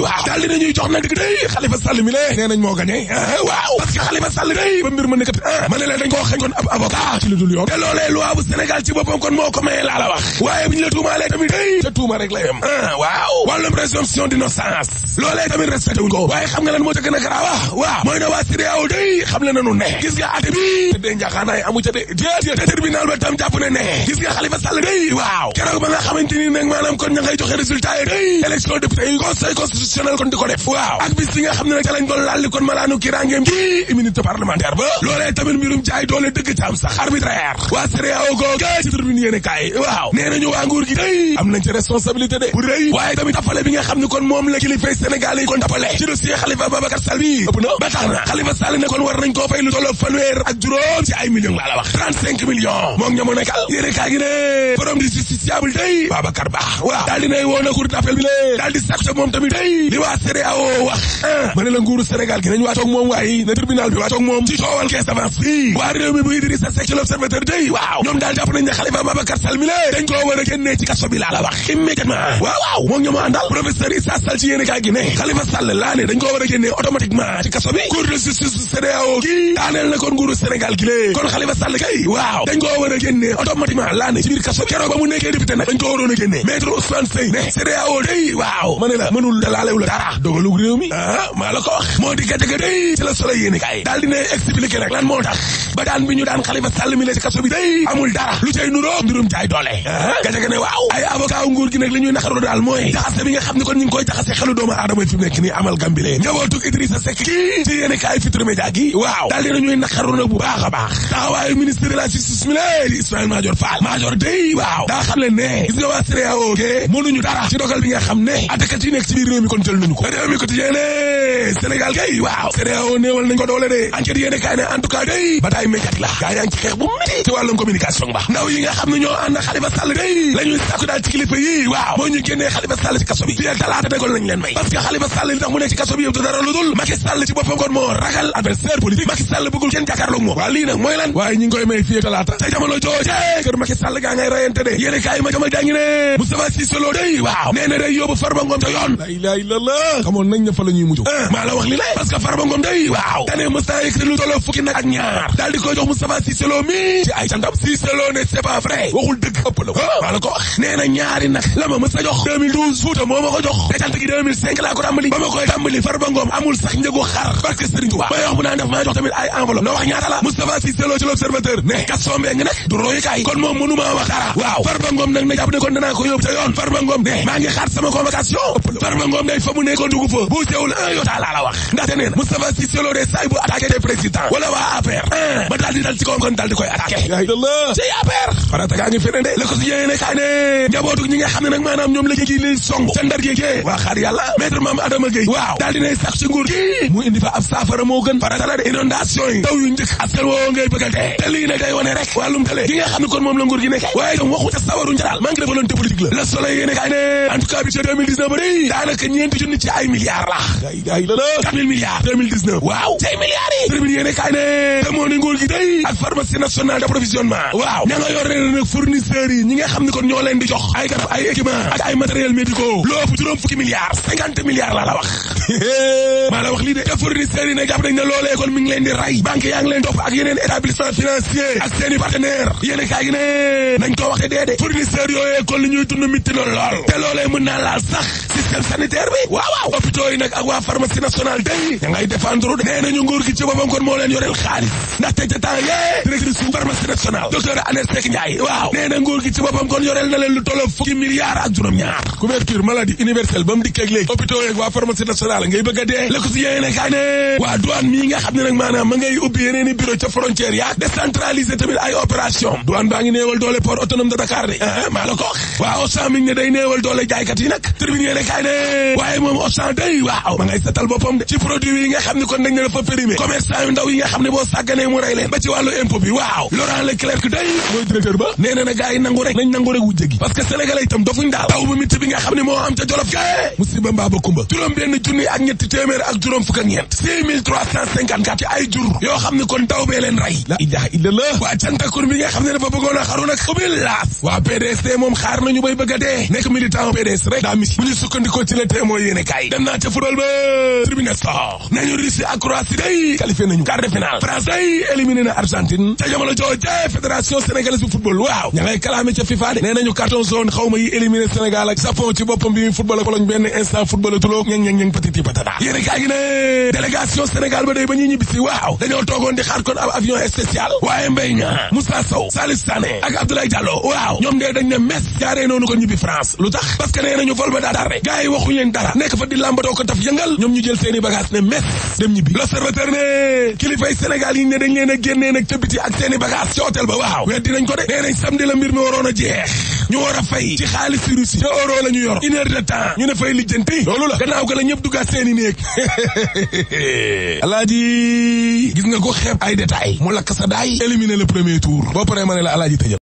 waaw ah, daal dina ñuy jox nag dëgg day Khalifa Sall mi lee nee nañ moo gagné ah, waaw parce que Khalifa day ba mbir ma nekkati ah ma ne leen dañ koo xañ kon ab avocat ci lu dul yoon te loolee loi bu Sénégal ci boppam kon moo ko maye la day te tuuma rek la yem ah waaw wàllum présomption d'innocence loolee tamit respecté wuñ ko waaye xam nga lan moo ca gën a garaaw ah? waaw mooy na waa CEDEAO day xam le nañu ne gis nga ate bi te dee njaxaanaay amu ca de ba tam jàpp ne ne gis nga Khalifa Sall day waaw keroog ba nga xamante ni nag maanaam kon ña ngay joxe résultat yi day élection député yi constitutionnel kon di ko def waaw ak bis bi nga xam ne nag ca lañ doon laalli kon malaanu kirangeem gi immunité parlementaire ba loolee tamit mbirum jaay doole dëgg ca sax arbitraire waa CEDEAO ko ga ci tribune de bu rëy waaye tamit bi nga xam ne kon moom la kilifay Sénégal yi kon tapale ci dossier Khalifa Babacar Sall bi ëpp na ba tax kon war nañ koo fay lu tollu fanweer ak juróom ci ay millions laa wax 35 millions moom ne borom di justiciable a li waa CEDEAO wax ah, ma ne la nguuru Sénégal gi nañ wàccoog moom waaye na tribunal bi wàccoog moom ci coowal caisse d'avance bi waa réew mi bu Idrissa Seck ci l'observateur day waaw ñoom daal jàpp nañ ne Khalifa Babacar Sall mi la dañ koo war a ci kaso bi wax immédiatement waaw waaw moom ñooma àndal professeur Issa Sall ci yéene a ci kaso gi daaneel Khalifa Sall kay dañ koo war a génnee automatiquement ci biir kaso bi keroog ba mu nekkee député nag dañ koo waroon a faalewu la dara dogalu réew mi ah maa la ko wax moo di gàjëga day ci la soleil yéeni kaay daal dina expliqué nag lan moo tax ba daan bi ñu daan Xalifa la ci kaso bi day amul dara lu cay nuroo mbirum jaay doole ah gàjëga ne waaw ay avocat nguur gi nag li ñuy naxaroo daal mooy jaxase bi nga xam ne kon ñu ngi jaxase xelu doomu aadama fi mu nii amal gambilee njabootu Idrissa Seck kii ci yéeni kaay Futurs Médias waaw daal dina ñuy naxaroo nag bu baax a baax taxawaayu ministre de la justice mi la li Ismaïla Madior Fall Madior day waaw daa xam leen ne gis nga waa CEDEAO mënuñu dara ci dogal bi nga xam kon jël nañu ko réew mi quotidien ne Sénégal kay waaw CEDEAO gaa ngay rayante de yéene ma jama jàngi ne Moustapha Cissé Lo waaw nee na day yóbbu Farba Ngom te la la nañ ne fa la ñuy mujj ah. maa wax li lay parce day waaw danee Moustapha écrit lu tolloo fukki nag ak ñaar daal di jox Moustapha Cissé Lo mi Lo ne c'est ah. ma mës a ay enveloppe na wax ñaata la Moustapha maa ngi xaar sama convocation ëpp la Farba Ngom ne day fa mu nekkoon dugg fa bu sewul un eh, yotaa laa la wax ndaxte nee na Moustapha Cissé Lo de saay bu attaqué des présidents wala waa APR a eh, ba daal di dal ci kawam kon daal di koy attaqué yaay dala ci APR farata gaa ngi fene de le quotidien ne kaa ne njabootu ñi nga xam ne nag maanaam ñoom la jéegi li song ca ndar géegee waa xaar yàlla maître Mame Adama Gueye waaw daal dinay sax ci nguur gi mu indi fa ab saafara moo gën farata la yi taw yu njëkk askan a ñeenti junni la ay ay la la quatre mille waaw ci ay yi premier yéene kaay ne te moo ne nguur gi day ak pharmacie nationale d'approvisionnement waaw ña nga yor ne nag ñi nga xam ne kon ñoo leen di jox ay garab ay équipement ay matériels médicaux loo fu juróom fukki milliards cinquante milliards laa la wax maa la wax lii de te fournisseurs yi ne jàpp nañ loolee kon mi leen di rey banque yaa ngi leen topp ak seeni partenaire yéene feebar bi waaw nag ak waa pharmacie nationale day da ngay défendre de nee nañu nguur gi ci boppam kon moo leen yoreel xaalis ndaxte ca temps yee directrice su pharmacie nationale docteur Anès Seck Ndiaye waaw nee na nguur gi ci boppam kon yoreel na leen lu tolloo fukki milliards ak juróom-ñaar couverture maladie universelle ba mu dikkeeg léegi hôpitaux yeeg waa pharmacie nationale ngay bëgg a dee la ko si yéene kaay ne waa douane mii nga xam ne nag maanaam ma waaye moom Auchan day waaw ma ngay setal boppam de ci produit yi nga xam ne kon dañ ne dafa périmé commerçant ndaw yi nga xam ne boo sàgganee mu rey leen ba ci wàllu impôt bi waaw Laurent Leclerc day mooy directeur ba nee na na nangu rek nangu rek wu jëgi parce que sénégalais itam dofuñ daal taw bu mitti bi nga xam ne moo am ca jolof gae musiba mbaa ba kumba juróom benn junni ak ñetti téeméer ak juróom fukk ak ñeent six mille trois cent cinquante mooy yéene kaay dem naa ca football ba tribune sport nañu Russie a Croatie day qualifié nañu quart de finale France day éliminé na Argentine ca jamono jooje fédération sénégalaise bu football waaw ña kalaame ca FIFA de nee nañu carton jaune xaw yi éliminé Sénégal Japon ci boppam bi football ak Pologne benn instant football tuloo ñang ñang ñang patiti patata yéene kaay gi ne délégation Sénégal ba day ba ñuy ñibbisi waaw dañoo toogoon di xaar kon avion dara nekk fa di làmbatoo ko taf yëngal ñoom ñu jël seeni bagage ne mes dem ñibbi l'observateur ne kilifay Sénégal yi ne dañ leen a génnee nag ca biti ak seeni bagage ci hôtel ba waaw weddi nañ ko de nee nañ samedi la mbir mi waroon a jeex ñu war a fay ci xaalis si Russie te la ñu yor une heure de temps ñu ne fay lijjanti loolu la gannaaw ko la ñëpp duggaat seeni néeg alaaji gis nga ko xeeb ay détail mu lakk sa daay éliminer le premier tour boo paree ma ne la alaaji tëjal